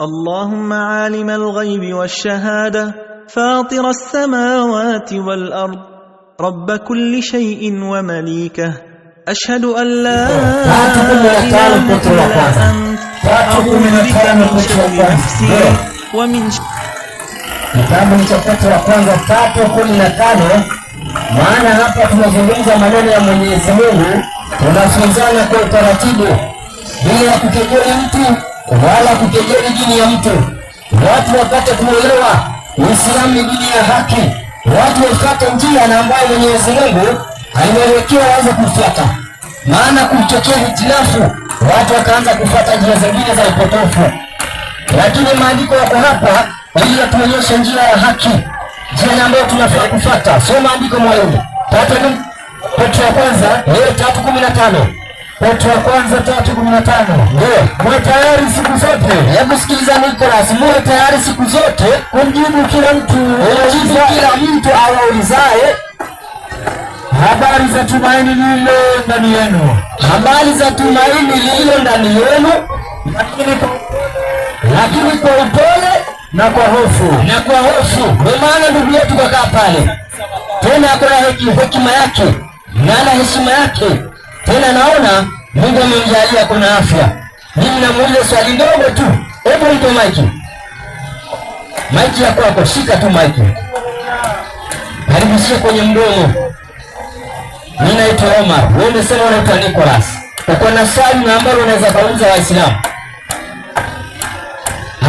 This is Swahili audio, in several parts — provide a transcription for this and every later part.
اللهم عالم الغيب والشهادة فاطر السماوات والأرض رب كل شيء ومليكه أشهد أن لا إله إلا أنت أعوذ بك من شر نفسي ومن شر Kitabu cha Petro wa kwanza tatu kumi na tano. Maana hapa tunazungumza maneno ya Mwenyezi Mungu, tunafunzana kwa utaratibu bila kukejeli mtu wala kukejeli dini ya mtu. Watu wapate kuelewa Uislamu ni dini ya haki, watu wafuate njia na ambayo Mwenyezi Mungu aliwawekea waweze kufuata, maana kuchochea hitilafu, watu wakaanza kufuata njia zingine za upotofu. Lakini maandiko yako hapa ili yatuonyeshe njia ya haki, njia ambayo tunafaa kufuata. Soma andiko mwalimu, Petro ya kwanza eh, tatu kumi na tano. Petro wa kwanza tatu kumi na tano ndio mwe tayari siku zote. Hebu sikiliza Nicholas, mwe tayari siku zote kumjibu kila mtu kumjibu kila mtu awaulizaye habari za tumaini lililo ndani yenu, habari za tumaini lililo ndani yenu, lakini kwa upole na kwa hofu na kwa hofu. Ndio maana ndugu yetu kakaa pale tena, akona hekima yake na ana heshima yake tena, naona Mungu amemjalia kuna afya. Mimi namuuliza swali ndogo tu, hebu nito maiki, maiki ya kwako, shika tu maiki, karibishie kwenye mdomo. Mimi naitwa Omar, wewe umesema unaitwa Nicholas, uko na swali na ambalo unaweza kauliza Waislamu?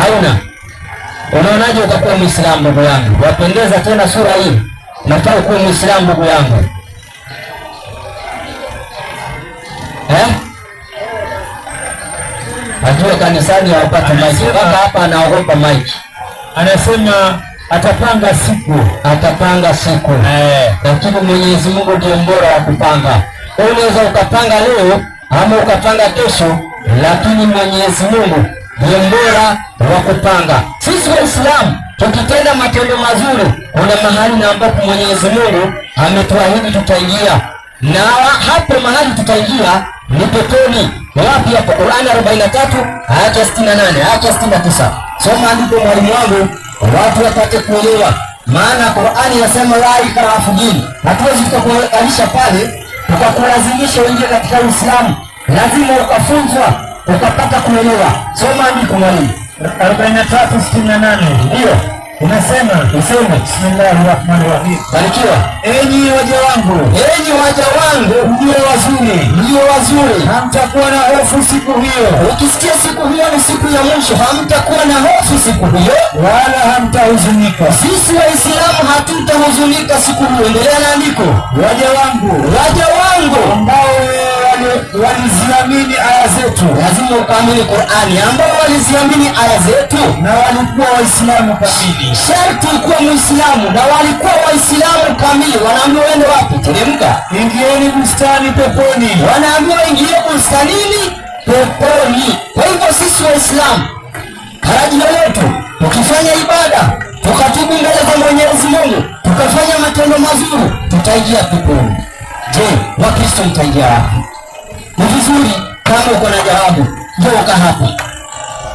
Hauna? Unaonaje utakuwa Muislamu ndugu yangu? Wapendeza tena sura hii, nataka kuwa Muislamu ndugu yangu eh? Ajue kanisani hawapate maiki. Baba hapa anaogopa maiki. Anasema atapanga siku, atapanga siku, eh. lakini Mwenyezi Mungu ndiye mbora wa kupanga. Unaweza ukapanga leo ama ukapanga kesho, lakini Mwenyezi Mungu ndiye mbora wa kupanga. Sisi Waislamu tukitenda matendo mazuri, kuna mahali na ambapo Mwenyezi Mungu ametuahidi tutaingia, na hapo mahali tutaingia ni peponi na wapi hapo? Qur'ani 43 aya 68 aya 69. Soma ndipo mwalimu wangu, watu wapate kuelewa maana Qur'ani inasema la ikraha fiddin. Hatuwezi tukakualisha pale tukakulazimisha uingie katika Uislamu, lazima ukafunzwa ukapata kuelewa. Soma ndipo mwalimu 43 68 ndio Unasema useme bismillahirrahmanirrahim. Barikiwa. Enyi waja wangu, enyi waja wangu, mjue wazuri, mjue wazuri, hamtakuwa na hofu siku hiyo. Ukisikia siku hiyo ni siku ya mwisho, hamtakuwa na hofu siku hiyo, wala hamtahuzunika. Sisi Waislamu hatutahuzunika siku hiyo. Endelea na andiko. Waja wangu, waja wangu ambao waliziamini aya zetu, lazima ukaamini Qur'ani, ambao waliziamini aya zetu na walikuwa waislamu kamili. Sharti kuwa muislamu na walikuwa waislamu kamili. Wanaambiwa wende wapi? Teremka, ingieni bustani peponi. Wanaambiwa ingieni bustanini peponi. Kwa hivyo sisi Waislamu, tarajio letu tukifanya ibada tukatubu mbele za Mwenyezi Mungu tukafanya matendo mazuri, tutaingia peponi. Je, Wakristo mtaingia wapi? Ni vizuri kama uko na jawabu, njoka hapa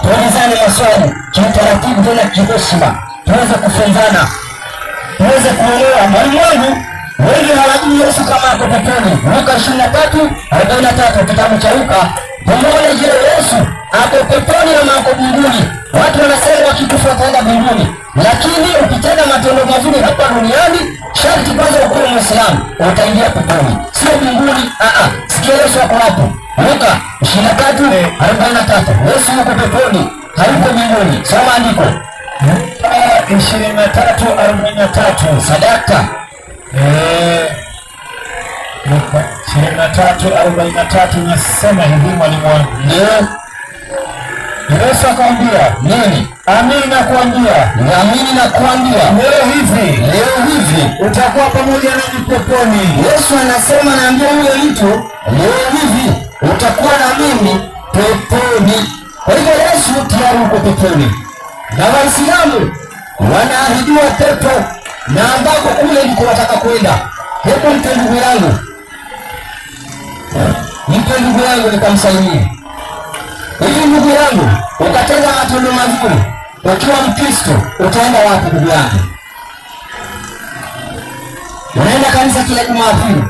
tuulizane maswali kiutaratibu, tena kiheshima, tuweze kufunzana, tuweze kuelewa. Mwalimu wangu wengi hawajui Yesu kama ako peponi. Luka ishirini na tatu arobaini na tatu kitabu cha Luka. je, Yesu ako peponi ama ako mbinguni? Watu wanasema wakikufa wataenda mbinguni, lakini ukitenda matendo mazuri hapa duniani Waislamu wataingia peponi, sio mbinguni. Ah, ah. Sikia Yesu ako hapo, Luka ishirini na tatu arobaini na tatu Yesu yuko peponi, hayuko mbinguni. Soma andiko ishirini na tatu arobaini na tatu Sadaka eh, ishirini na tatu arobaini na tatu nasema hivi mwalimu wangu Yesu akamwambia nani? Amini nakuambia, amini nakuambia, leo hivi, leo hivi utakuwa pamoja nami peponi. Yesu anasema, naambia yule mtu, leo hivi utakuwa na mimi peponi. Kwa hivyo Yesu tayari uko peponi, na Waislamu wanaahidiwa pepo na ambako kule ndiko wataka kwenda. Hebu mpe ndugu yangu, mpe ndugu yangu nikamsalimie Hivi ndugu yangu, ukatenda matendo mazuri ukiwa Mkristo, utaenda wapi ndugu yangu? Unaenda kanisa kila Jumapili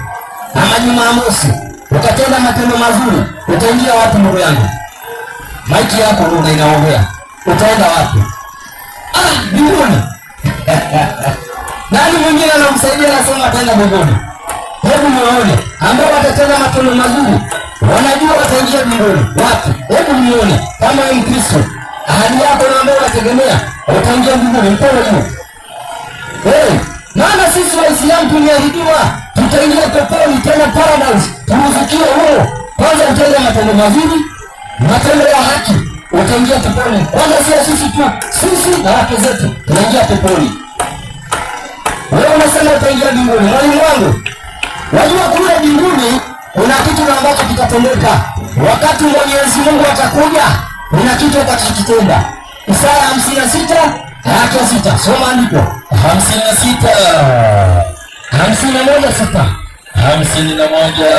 ama Jumamosi, ukatenda matendo mazuri, utaingia wapi ndugu yangu? Maiki yako ndio inaongea, utaenda wapi? Ah, mbinguni. Nani mwingine anamsaidia anasema ataenda mbinguni? Hebu muone ambao watatenda matendo mazuri wanajua wataingia mbinguni wapi? Hebu nione kama ni Mkristo, ahadi yako na ambayo unategemea utaingia mbinguni, mkono juu. Hey, maana sisi Waislamu tuliahidiwa tutaingia peponi, tena paradise, tumefikia huo. Kwanza utenda matendo mazuri, matendo ya haki, utaingia peponi. Kwanza sio sisi tu, sisi na wake zetu tunaingia peponi. Wewe unasema utaingia mbinguni, mwalimu wangu, wajua kule mbinguni kuna kitu ambacho kitatendeka wakati Mwenyezi Mungu atakuja, kuna kitu atakachokitenda. Isaya hamsini na sita aya sita soma andiko hamsini na sita hamsini na moja sita hamsini na moja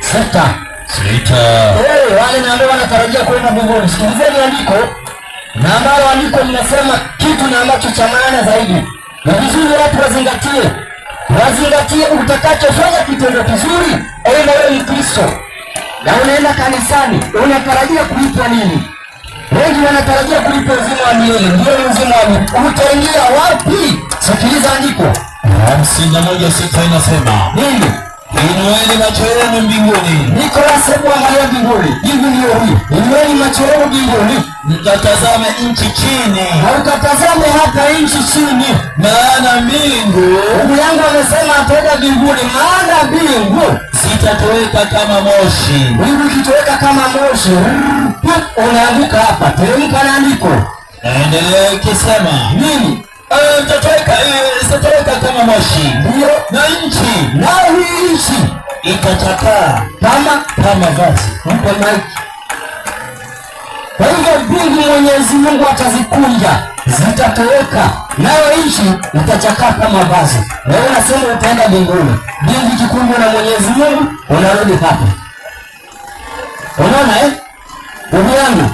sita sita. Hey, eh, wale na ambao wanatarajia kwenda mbinguni, sikilizeni andiko na ambayo andiko linasema kitu na ambacho cha maana zaidi, ni vizuri watu wazingatie wazingatie utakachofanya kitendo kizuri. Aidha wewe ni Kristo na unaenda kanisani, unatarajia kulipwa nini? Wengi wanatarajia kulipwa uzima wa milele, ndio ni uzima wa milele. Utaingia wapi? Sikiliza andiko la na moja sita inasema nini? Inueni macho yenu mbinguni, Nicolas haya mbinguni, jibu ndio hii. Inueni macho yenu mbinguni, mkatazame nchi chini, ukatazame hata nchi chini, maana mbingu Mungu yangu amesema ataweka mbinguni, maana mbingu zitatoweka kama moshi, mbingu ikitoweka kama moshi unaanguka hapa. Teremka na andiko, naendelea ikisema nini? Eh, itatoweka eh, kama moshi, ndio, na nchi na hii nchi itachakaa kama kama vazi. Kwa hivyo mbingu Mwenyezi Mungu atazikunja zitatoweka, nayo nchi itachakaa kama vazi. Wewe unasema utaenda mbinguni, mbingu ikikunjwa na Mwenyezi Mungu unarudi hapa. Unaona eh, uhuana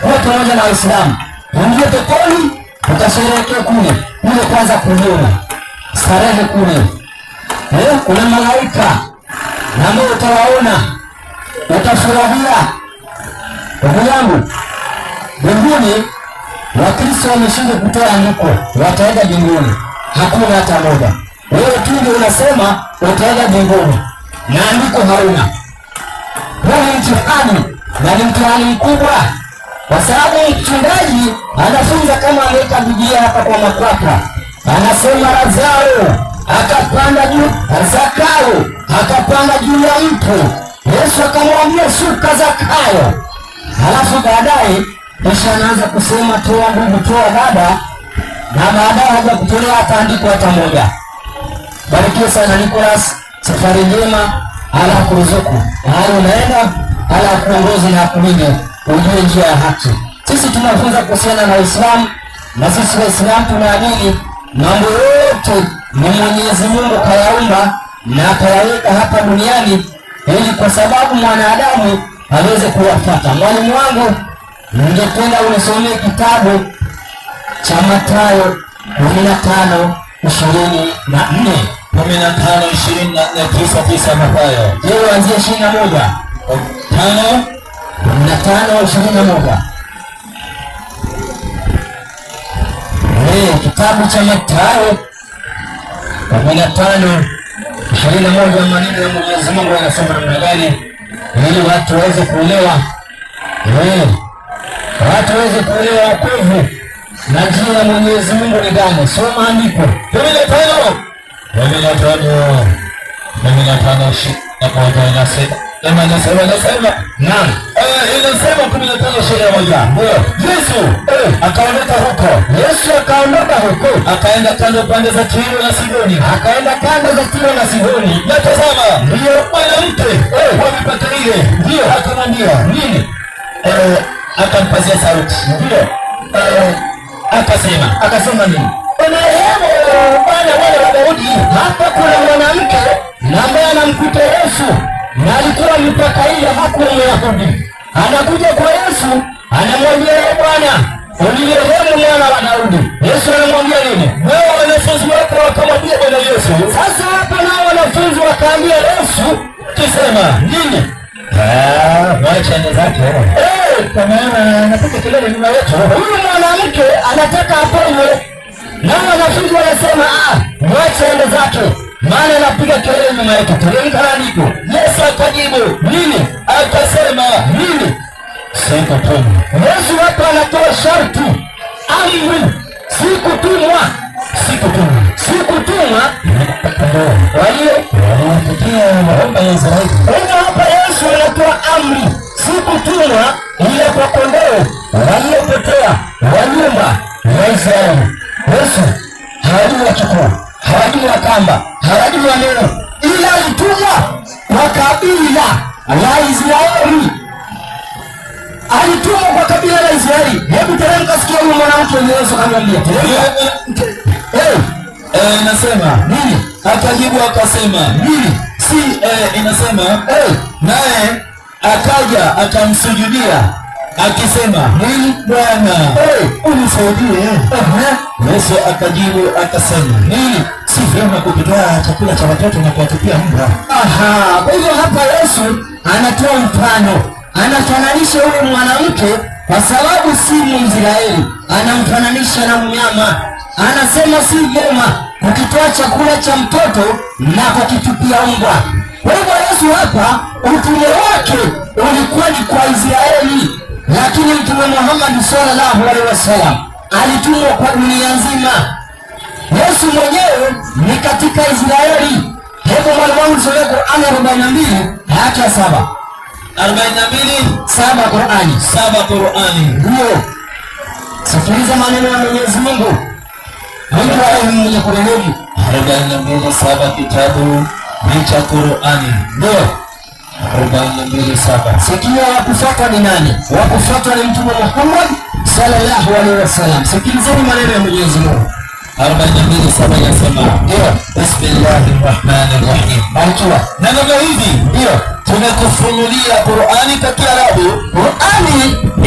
kuwa pamoja na Waislamu, ingie peponi utasherehekea kule kule, kwanza kuliona starehe kule eh, kuna malaika mimi utawaona, utafurahia. Ndugu yangu, mbinguni Wakristo wameshinda kutoa andiko, wataenda mbinguni, hakuna hata moja. Wewe tu ndio unasema utaenda mbinguni na andiko hauna. Huyu ni mtihani na ni mtihani mkubwa kwa sababu mchungaji anafunza kama ameweka Biblia hapa kwa makwapa, anasema Lazaro akapanda juu, Zakayo akapanda juu ya mtu, Yesu akamwambia shuka Zakayo. Halafu baadaye kisha anaanza kusema toa ndugu, toa dada, na baadaye haja kutolea hata andiko hata moja. Barikiwe sana Nicholas, safari njema, ala kuruzuku, hali unaenda ala kuongozi na kulinde ujue njia ya haki. Sisi tunafunza kuhusiana na Uislamu na sisi Waislamu tunaamini mambo yote ni Mwenyezi Mungu kayaumba na akayaweka hapa duniani ili kwa sababu mwanadamu aweze kuwafata. Mwalimu wangu, ningependa unisomee kitabu cha Mathayo kumi na tano ishirini na nne kumi na tano ishirini na nne tisa tisa Mathayo. Je, anzia ishirini na moja tano na tano ishirini na moja kitabu cha Mathayo kumi na tano ishirini na moja maneno ya Mwenyezi Mungu yanasema namna gani, ili watu waweze kuelewa, watu waweze kuelewa wokovu na jina la Mwenyezi Mungu ni gani. Soma andiko kumi na tano kumi na tano kumi na tano ishirini na moja inasema Nasema nasema naam, eh, inasema kumi na tano sura ya moja Yesu eh akaondoka huko, Yesu akaondoka huko, akaenda kando pande za Tiro na Sidoni, akaenda kando za Tiro na Sidoni. Na tazama, ndio mwanamke eh. wa mipaka ile, ndio akamwambia nini? Eh, Akampazia sauti, ndio eh, akasema, akasema nini? Bwana wa Daudi, hapa kuna mwanamke ambaye anamkuta Yesu na alikuwa mipaka ile hakuwa Myahudi. Anakuja kwa Yesu, anamwambia ye ee Bwana, ulirehemu mwana wa Daudi. Yesu anamwambia nini? Nao wanafunzi wako wakamwambia Bwana Yesu. Sasa hapa nao wanafunzi wakaambia Yesu kisema nini? Ah, ni zake eh, Huyu mwanamke anataka apone, nao wanafunzi wanasema mwache ah, ende zake maana napiga kelele nyuma yetu, tendeni karani Yesu akajibu nini? Akasema nini? Sikutuma. Yesu hapa anatoa sharti, amri, sikutumwa, sikutumwa, sikutumwa waliowafikia. Hapa Yesu anatoa amri, sikutumwa ile kwa kondoo waliopotea wa nyumba ya Israeli. Yesu hawajui wachukua, hawajui wakamba wa neno, ila alitumwa kwa kabila la Israeli, alitumwa kwa kabila la Israeli. Hebu teremka, sikia huyo mwanamke Yesu anamwambia Eh, inasema nini? Akajibu akasema nini? Si eh, inasema eh, naye akaja akamsujudia akisema mwili Bwana, unisaidie. Yesu akajibu akasema nini? Si vyema kukitoa chakula cha watoto na kuwatupia mbwa. kwa hivyo hapa Yesu anatoa mfano, anafananisha huyu mwanamke kwa sababu si Mwisraeli, anamfananisha na mnyama. Anasema si vyema kukitoa chakula cha mtoto na kukitupia mbwa. Kwa hivyo Yesu hapa utume wake ulikuwa ni kwa Israeli lakini Mtume Muhammad sallallahu alaihi wasallam alitumwa kwa dunia nzima. Yesu mwenyewe ni katika Israeli. Hebu mwalimu usome Qur'an 42 hata 7. 42 7 Qur'ani 7 Qur'ani, ndio sikiliza maneno ya Mwenyezi Mungu Mungu mwenye kurehemu. 42 7 kitabu ni cha Qur'ani ndio 427. Sikia wakufuata ni nani? Wakufuata ni Mtume Muhammad sallallahu alaihi wasallam. Sikilizeni maneno ya Mwenyezi Mungu. 427 inasema, ndio. Bismillahir Rahmanir Rahim. Aitua. Na ndio hivi, ndio. Tumekufunulia Qur'ani kwa Kiarabu. Qur'ani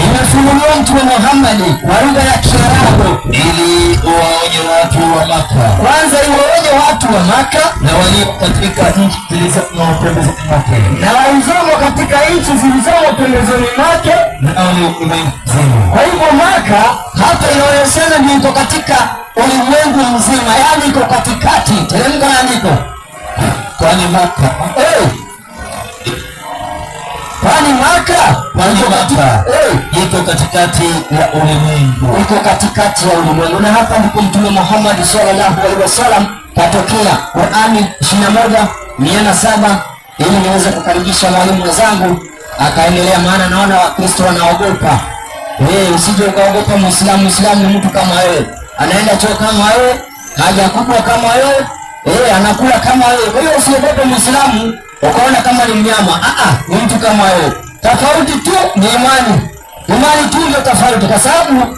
imefunuliwa Mtume Muhammad kwa lugha ya Kiarabu ili waonye watu wa Maka. Kwanza iwaonye watu wa Maka na walio katika nchi zilizomo pembezoni mwake, na walizomo katika nchi zilizomo pembezoni mwake, na Kwa hivyo Maka hapa inaonyeshana ndio iko katika ulimwengu mzima, yaani iko katikati. Teremka andiko kwani Maka hey. Eh, Kuhani waka Iko katikati ya ulimwengu, iko katikati ya ulimwengu. Na hapa ndipo Mtume Muhammad sallallahu alaihi wasallam katokea. Qurani moja mia saba, ili niweze kukaribisha mwalimu wenzangu akaendelea, maana naona Wakristo wanaogopa. Hey, usije ukaogopa Muislamu. Muislamu ni mtu kama wewe, anaenda choo kama wewe, haja kubwa kama wewe eh, anakula kama wewe. Kwa hiyo usiogope Muislamu ukaona kama ni mnyama. Ah, ni mtu kama wewe. Tofauti tu ni imani, imani tu ndio tofauti, kwa sababu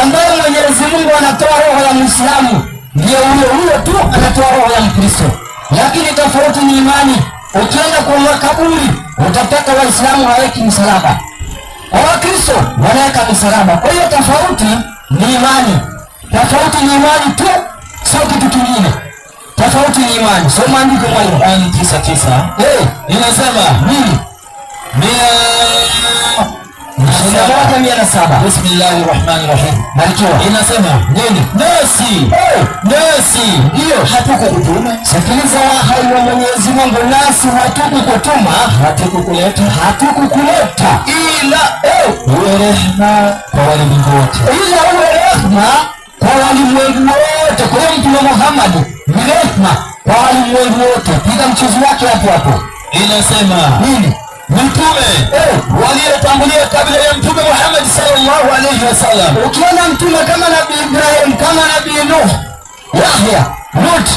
ambaye Mwenyezi Mungu anatoa roho ya Muislamu ndio huyo huyo tu anatoa roho ya Mkristo, lakini tofauti ni imani. Ukienda kwa makaburi utapata Waislamu haweki msalaba, kwa Wakristo wanaweka msalaba. Kwa hiyo tofauti ni imani, tofauti ni imani tu, sio kitu kingine tofauti ni imani. So maandiko moja Yohana 9:9. Eh, inasema nini? Rahim. Barikiwa. Inasema nini? Nasi. Eh, nasi ndio Sikiliza wahai wa Mwenyezi Mungu, nasi ila eh. uwe kwa wote, ila uwe kwa walimwengu wote. Kwa hiyo Mtume Muhammad ni rehma kwa walimwengu wote. Piga mchezo wake hapo hapo, inasema nini? Mtume eh, waliotangulia kabla ya Mtume Muhammad sallallahu alaihi wasallam, ukiona mtume kama Nabii Ibrahim, kama Nabii Nuh, Yahya, Lut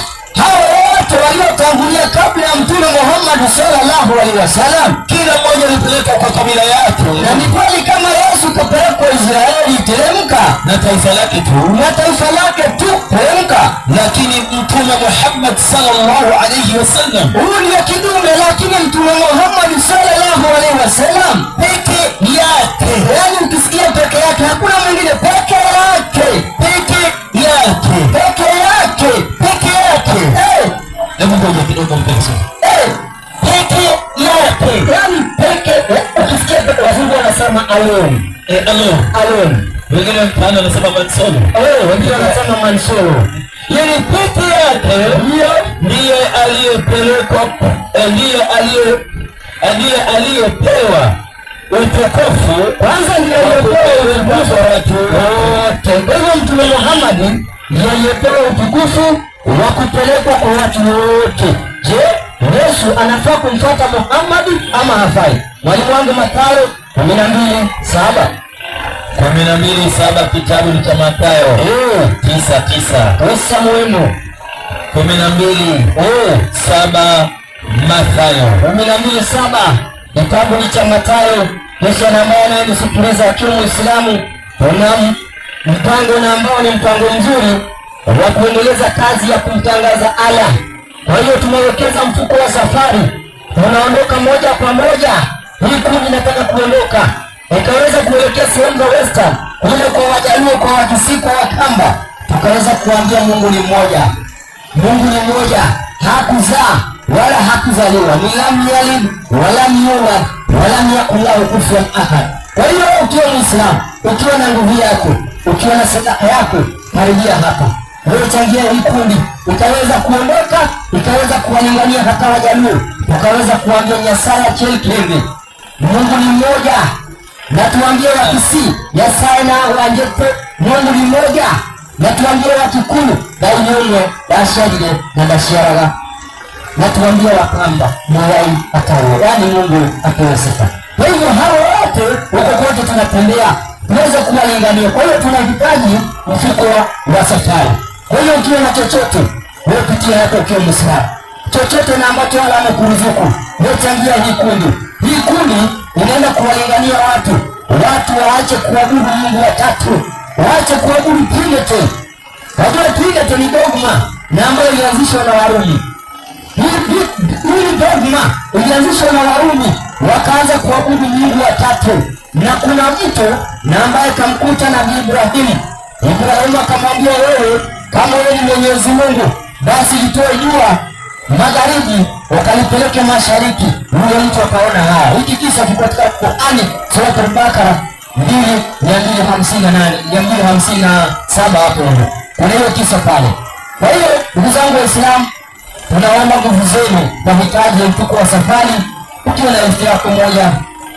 kabla ya Mtume Muhammad sallallahu alaihi wasallam, kila mmoja alipelekwa kwa kabila yake, na ni kweli kama Yesu kupelekwa Israeli teremka na taifa lake tu na taifa lake tu teremka, lakini Mtume Muhammad sallallahu alaihi wasallam huyu ni kidume, lakini Mtume Muhammad sallallahu alaihi wasallam peke yake, yaani ukisikia peke yake hakuna mwingine, peke yake, peke yake mpenzi peke yake, yani peke. Ukisikia wazungu wanasema alone, alone, alone, wengine mtaani wanasema wengine wanasema Yani peke yake ndiye aliyepelekwa, eh, ndiye aliye eh, ndiye aliyepewa utukufu kwanza, ndiye aliyepewa watu wote. Kwa hivyo Mtume Muhammad yeye aliyepewa utukufu wa kupelekwa kwa watu wote. Je, Yesu anafaa kumfuata Muhammad ama hafai? Mwalimu wangu Mathayo 12:7. 12:7 kitabu cha Mathayo. Eh, 9:9. Pesa muhimu. 12 eh, 7 Mathayo. 12:7. Kitabu cha Mathayo. Yesu anaambia naye sikuweza akiwa Muislamu, una mpango na ambao ni mpango mzuri wa kuendeleza kazi ya kumtangaza Allah kwa hiyo tumewekeza mfuko wa safari, tunaondoka moja kwa moja. Hii kundi nataka kuondoka ikaweza kuelekea sehemu za Western kule kwa Wajaluo, kwa Wakisii, kwa Wakamba, tukaweza kuambia Mungu ni mmoja, Mungu ni mmoja, hakuzaa wala hakuzaliwa ni lam yalid walam yula walam yakun lahu kufuwan ahad. Kwa hiyo ukiwa Muislamu, ukiwa na nguvu yako, ukiwa na sadaka yako, karibia hapa changia ikundi kundi, utaweza kuondoka, utaweza kuwanyang'ania hata Wajaluo, ukaweza kuwanyanyasa Kekeve. Mungu ni mmoja, na tuambie Wakisii Nyasaye na Wanjepo, Mungu ni mmoja, na tuambie Wakikuyu Daiyone Dasharire na Dasharaga, na tuambie Wakamba Moyai atao, yaani Mungu apewe sifa. Kwa hivyo hao wote huko kote tunatembea tuweze kuwalingania. Kwa hiyo tunahitaji mfuko wa safari kwa hiyo ukiwa na chochote wewe pitia hapo ukiwa Muislamu, chochote na ambacho Allah amekuruzuku wewe changia hii kundi. Hii kundi inaenda kuwalingania watu, watu waache kuabudu Mungu watatu, waache kuabudu Trinity. Wajua Trinity ni dogma na ambayo ilianzishwa na Warumi. Hili dogma ilianzishwa na Warumi, wakaanza kuabudu Mungu watatu, na kuna mtu na ambaye kamkuta na Ibrahimu, Ibrahimu akamwambia wewe kama wewe ni Mwenyezi Mungu, basi litoe jua magharibi wakalipeleke mashariki. Huyo mtu akaona haya. Ah, hiki kisa kiko katika Qur'ani sura Bakara mbili mia na saba hapo ndio. Kuna hiyo kisa pale. Kwa hiyo ndugu zangu Waislamu, tunaomba nguvu zenu kwa mitaji ya wa safari, ukiwa na elfu yako moja,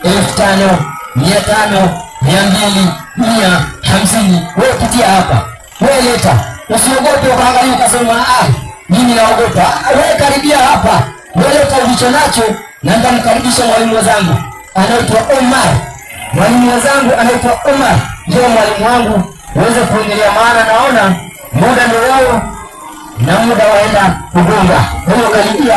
elfu tano, mia tano, mia mbili, mia hamsini, wewe pitia hapa, wewe leta Usiogope ukaangalia ukasema ah, mimi naogopa. Wewe karibia hapa, wewe utaulicho nacho, na nitamkaribisha mwalimu wangu anaitwa Omar. Mwalimu wangu anaitwa Omar, ndio mwalimu wangu, uweze kuendelea, maana naona muda ni wao na muda waenda kugonga. Wewe karibia,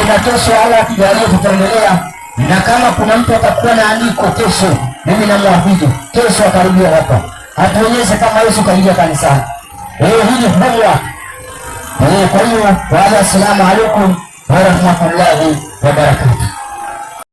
enda kesho, ala akijalia tutaendelea na kama kuna mtu atakuwa na andiko kesho, mimi namwahidi kesho akaribia hapa, atuonyeshe kama Yesu kaingia kanisani. ويهدي الدنيا ويقول وعلى السلام عليكم ورحمة الله وبركاته